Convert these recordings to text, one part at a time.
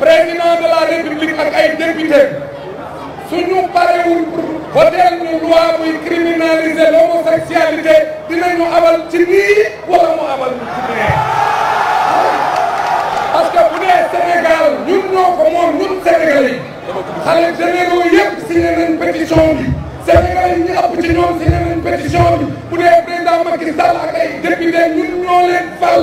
président de la république ak ay député suñu parewul voter ñu loi buy criminaliser l'homosexualité dinañu abal ci nii wala mu abal ci nee parce que bu dee Sénégal ñun ñoo ko moom ñun Sénégalais yi xale généraux yëpp signé nañ pétition bi Sénégalais yi ñu ëpp ci ñoom signé nañ pétition bi bu dee président Macky Sall ak ay député ñun ñoo leen fal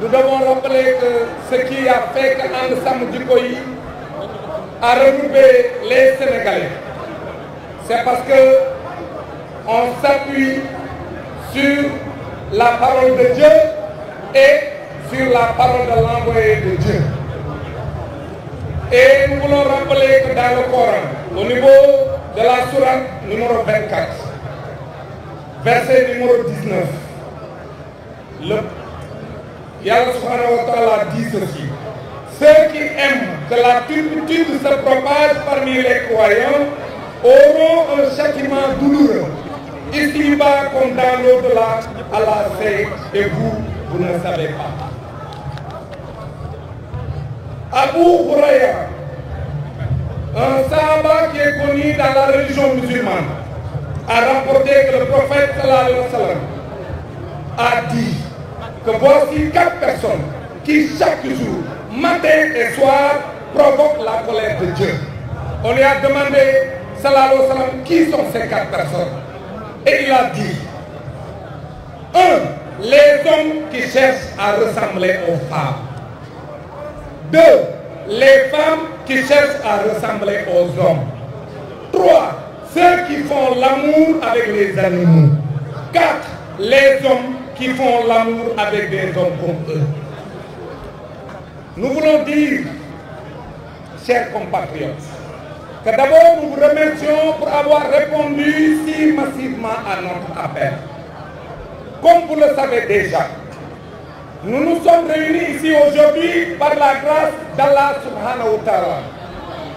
nous devons rappeler que ce qui a fait que Ensemble a regroupé les Sénégalais, c'est parce que on s'appuie sur la parole de Dieu et sur la parole de l'envoyé de Dieu. Et nous voulons rappeler que dans le Coran, au niveau de la sourate numéro 24, verset numéro 19, le Yann subhanahu wa ta'ala dit ceci. Ceux qui aiment que la turpitude se propage parmi les croyants auront un châtiment douloureux, ici-bas comme dans l'au-delà, Allah sait, et vous, vous ne savez pas. Abu Hurayra, un sahaba qui est connu dans la religion musulmane, a rapporté que le prophète sallallahu alayhi wa sallam a dit que voici quatre personnes qui chaque jour, matin et soir, provoquent la colère de Dieu. On lui a demandé, salam, qui sont ces quatre personnes Et il a dit, un, les hommes qui cherchent à ressembler aux femmes. Deux, les femmes qui cherchent à ressembler aux hommes. Trois, ceux qui font l'amour avec les animaux. Quatre, les hommes qui font l'amour avec des hommes comme eux. Nous voulons dire, chers compatriotes, que d'abord nous vous remercions pour avoir répondu si massivement à notre appel. Comme vous le savez déjà, nous nous sommes réunis ici aujourd'hui par la grâce d'Allah subhanahu wa ta'ala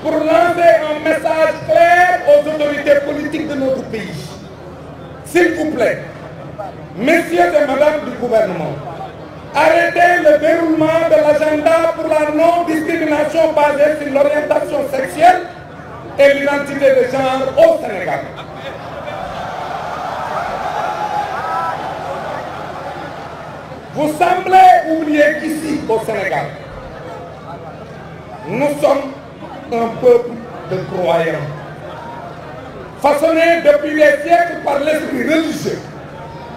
pour lancer un message clair aux autorités politiques de notre pays. S'il vous plaît, Messieurs et Madame du gouvernement, arrêtez le déroulement de l'agenda pour la non-discrimination basée sur l'orientation sexuelle et l'identité de genre au Sénégal. Vous semblez oublier qu'ici, au Sénégal, nous sommes un peuple de croyants, façonné depuis les siècles par l'esprit religieux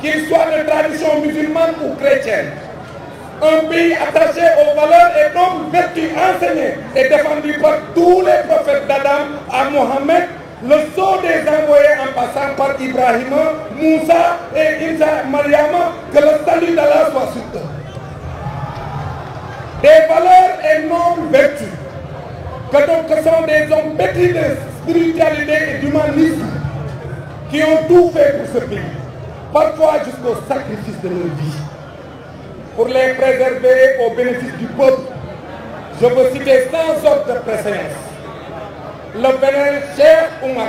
qu'il soit de tradition musulmane ou chrétienne. Un pays attaché aux valeurs et aux vertus enseignées et défendues par tous les prophètes d'Adam à Mohammed, le sceau des envoyés en passant par Ibrahim, Moussa et Isa Mariama, que le salut d'Allah soit sur Des valeurs et non vertus, que donc sont des hommes pétris de spiritualité et d'humanisme, qui ont tout fait pour ce pays parfois jusqu'au sacrifice de nos vies pour les préserver au bénéfice du peuple. Je veux citer sans ordre de le vénéré Cheikh Oumar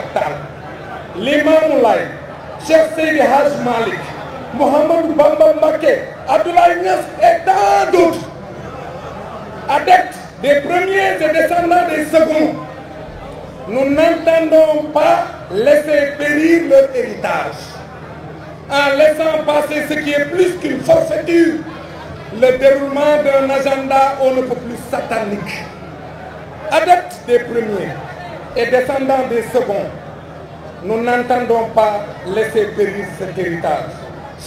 Lima l'imam Moulay, Cheikh Seydi Haj Malik, Mohamed Bamba Mbake, Abdoulaye Niass et tant d'autres, adeptes des premiers et descendants des seconds. Nous n'entendons pas laisser périr leur héritage en laissant passer ce qui est plus qu'une forfaiture, le déroulement d'un agenda on ne peut plus satanique. Adeptes des premiers et descendants des seconds, nous n'entendons pas laisser périr cet héritage.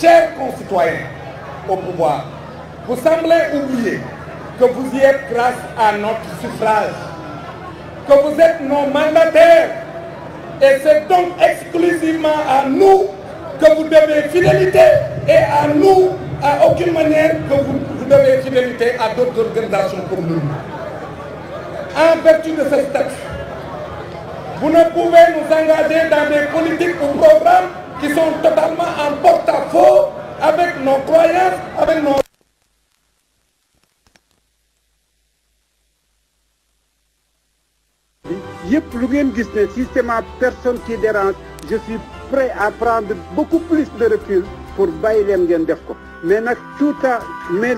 Chers concitoyens au pouvoir, vous semblez oublier que vous y êtes grâce à notre suffrage, que vous êtes nos mandataires et c'est donc exclusivement à nous que vous devez fidélité et à nous, à aucune manière que vous, devez fidélité à d'autres organisations comme nous. En vertu de ce statut, vous ne pouvez nous engager dans des politiques ou programmes qui sont totalement en porte-à-faux avec nos croyances, avec nos... système personne qui dérange je suis prêt à prendre beaucoup plus de recul pour bailler les ngeen def ko mais nak tout mais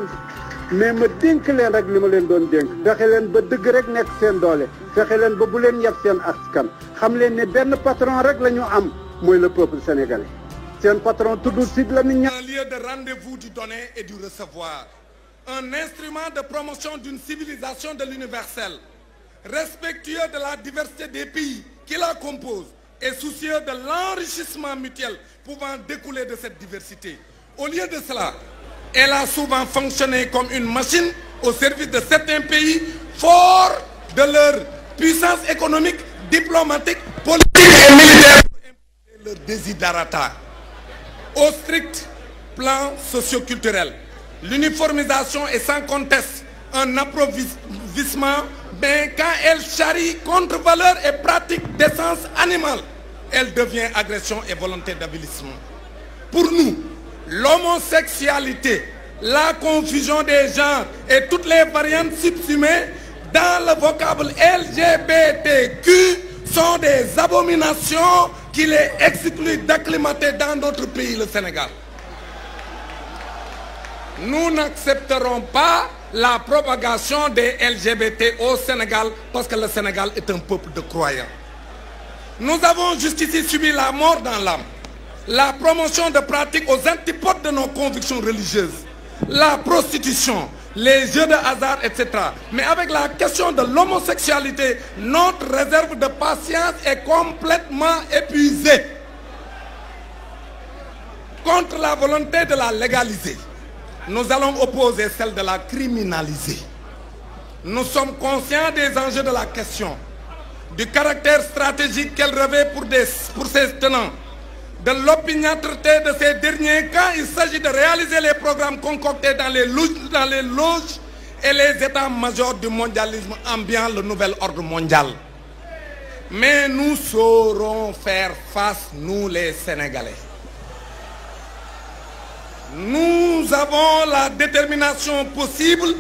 mais ma dénk leen rek li ma leen doon dénk fexe leen ba deug rek nek sen doole fexe len ba bu leen yab seen askan xam len ne ben patron rek lañu am moy le peuple sénégalais sen patron tuddul la Lamine un lieu de rendez-vous du donner et du recevoir un instrument de promotion d'une civilisation de l'universel respectueux de la diversité des pays qui la composent et soucieux de l'enrichissement mutuel pouvant découler de cette diversité. Au lieu de cela, elle a souvent fonctionné comme une machine au service de certains pays forts de leur puissance économique, diplomatique, politique et militaire pour leur désiderata. Au strict plan socioculturel, l'uniformisation est sans conteste un approvisionnement mais ben, quand elle charrie contre valeurs et pratique d'essence animale, elle devient agression et volonté d'avilissement. Pour nous, l'homosexualité, la confusion des genres et toutes les variantes subsumées dans le vocable LGBTQ sont des abominations qu'il est exclu d'acclimater dans d'autres pays, le Sénégal. Nous n'accepterons pas la propagation des LGBT au Sénégal parce que le Sénégal est un peuple de croyants. Nous avons jusqu'ici subi la mort dans l'âme, la promotion de pratiques aux antipodes de nos convictions religieuses, la prostitution, les jeux de hasard, etc. Mais avec la question de l'homosexualité, notre réserve de patience est complètement épuisée contre la volonté de la légaliser nous allons opposer celle de la criminaliser. Nous sommes conscients des enjeux de la question, du caractère stratégique qu'elle revêt pour, des, ses tenants, de l'opiniâtreté de ces derniers cas. il s'agit de réaliser les programmes concoctés dans les loges, dans les loges et les états-majors du mondialisme ambiant le nouvel ordre mondial. Mais nous saurons faire face, nous les Sénégalais. Nous avons la détermination possible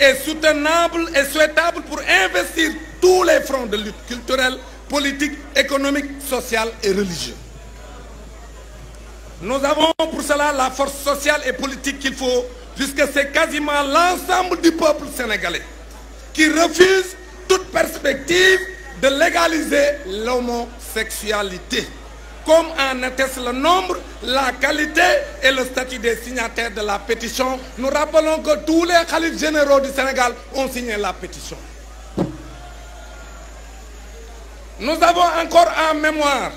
et soutenable et souhaitable pour investir tous les fronts de lutte culturelle, politique, économique, sociale et religieuse. Nous avons pour cela la force sociale et politique qu'il faut, puisque c'est quasiment l'ensemble du peuple sénégalais qui refuse toute perspective de légaliser l'homosexualité, comme en atteste le nombre la qualité et le statut des signataires de la pétition. Nous rappelons que tous les califs généraux du Sénégal ont signé la pétition. Nous avons encore en mémoire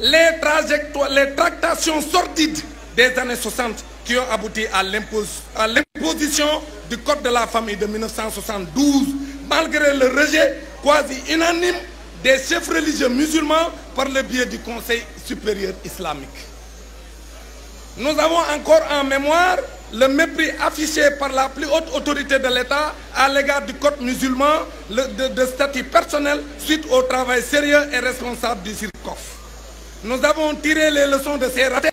les, trajectoires, les tractations sordides des années 60 qui ont abouti à l'imposition du Code de la famille de 1972, malgré le rejet quasi unanime des chefs religieux musulmans par le biais du Conseil supérieur islamique. Nous avons encore en mémoire le mépris affiché par la plus haute autorité de l'État à l'égard du code musulman de, statut personnel suite au travail sérieux et responsable du CIRCOF. Nous avons tiré les leçons de ces ratés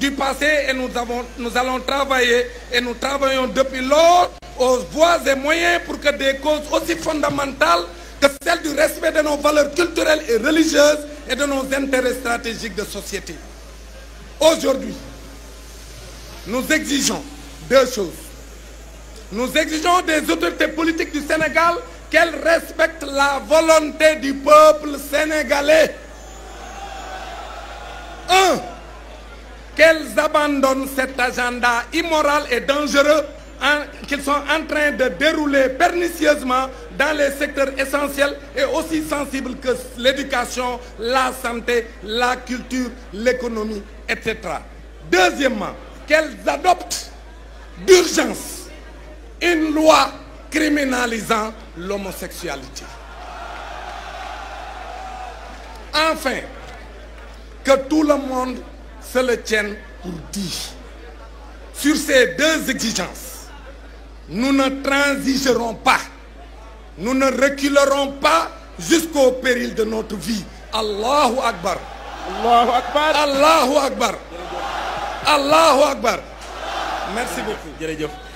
du passé et nous, avons, nous allons travailler et nous travaillons depuis lors aux voies et moyens pour que des causes aussi fondamentales que celles du respect de nos valeurs culturelles et religieuses et de nos intérêts stratégiques de société. Aujourd'hui, nous exigeons deux choses. Nous exigeons des autorités politiques du Sénégal qu'elles respectent la volonté du peuple sénégalais. Un, qu'elles abandonnent cet agenda immoral et dangereux qu'ils sont en train de dérouler pernicieusement dans les secteurs essentiels et aussi sensibles que l'éducation, la santé, la culture, l'économie, etc. Deuxièmement, qu'elles adoptent d'urgence une loi criminalisant l'homosexualité. Enfin, que tout le monde se le tienne pour dit. Sur ces deux exigences, nous ne transigerons pas, nous ne reculerons pas jusqu'au péril de notre vie. Allahu Akbar. Allahu Akbar. Allahu Akbar. allahu akbar merci beaucoup jërëjëf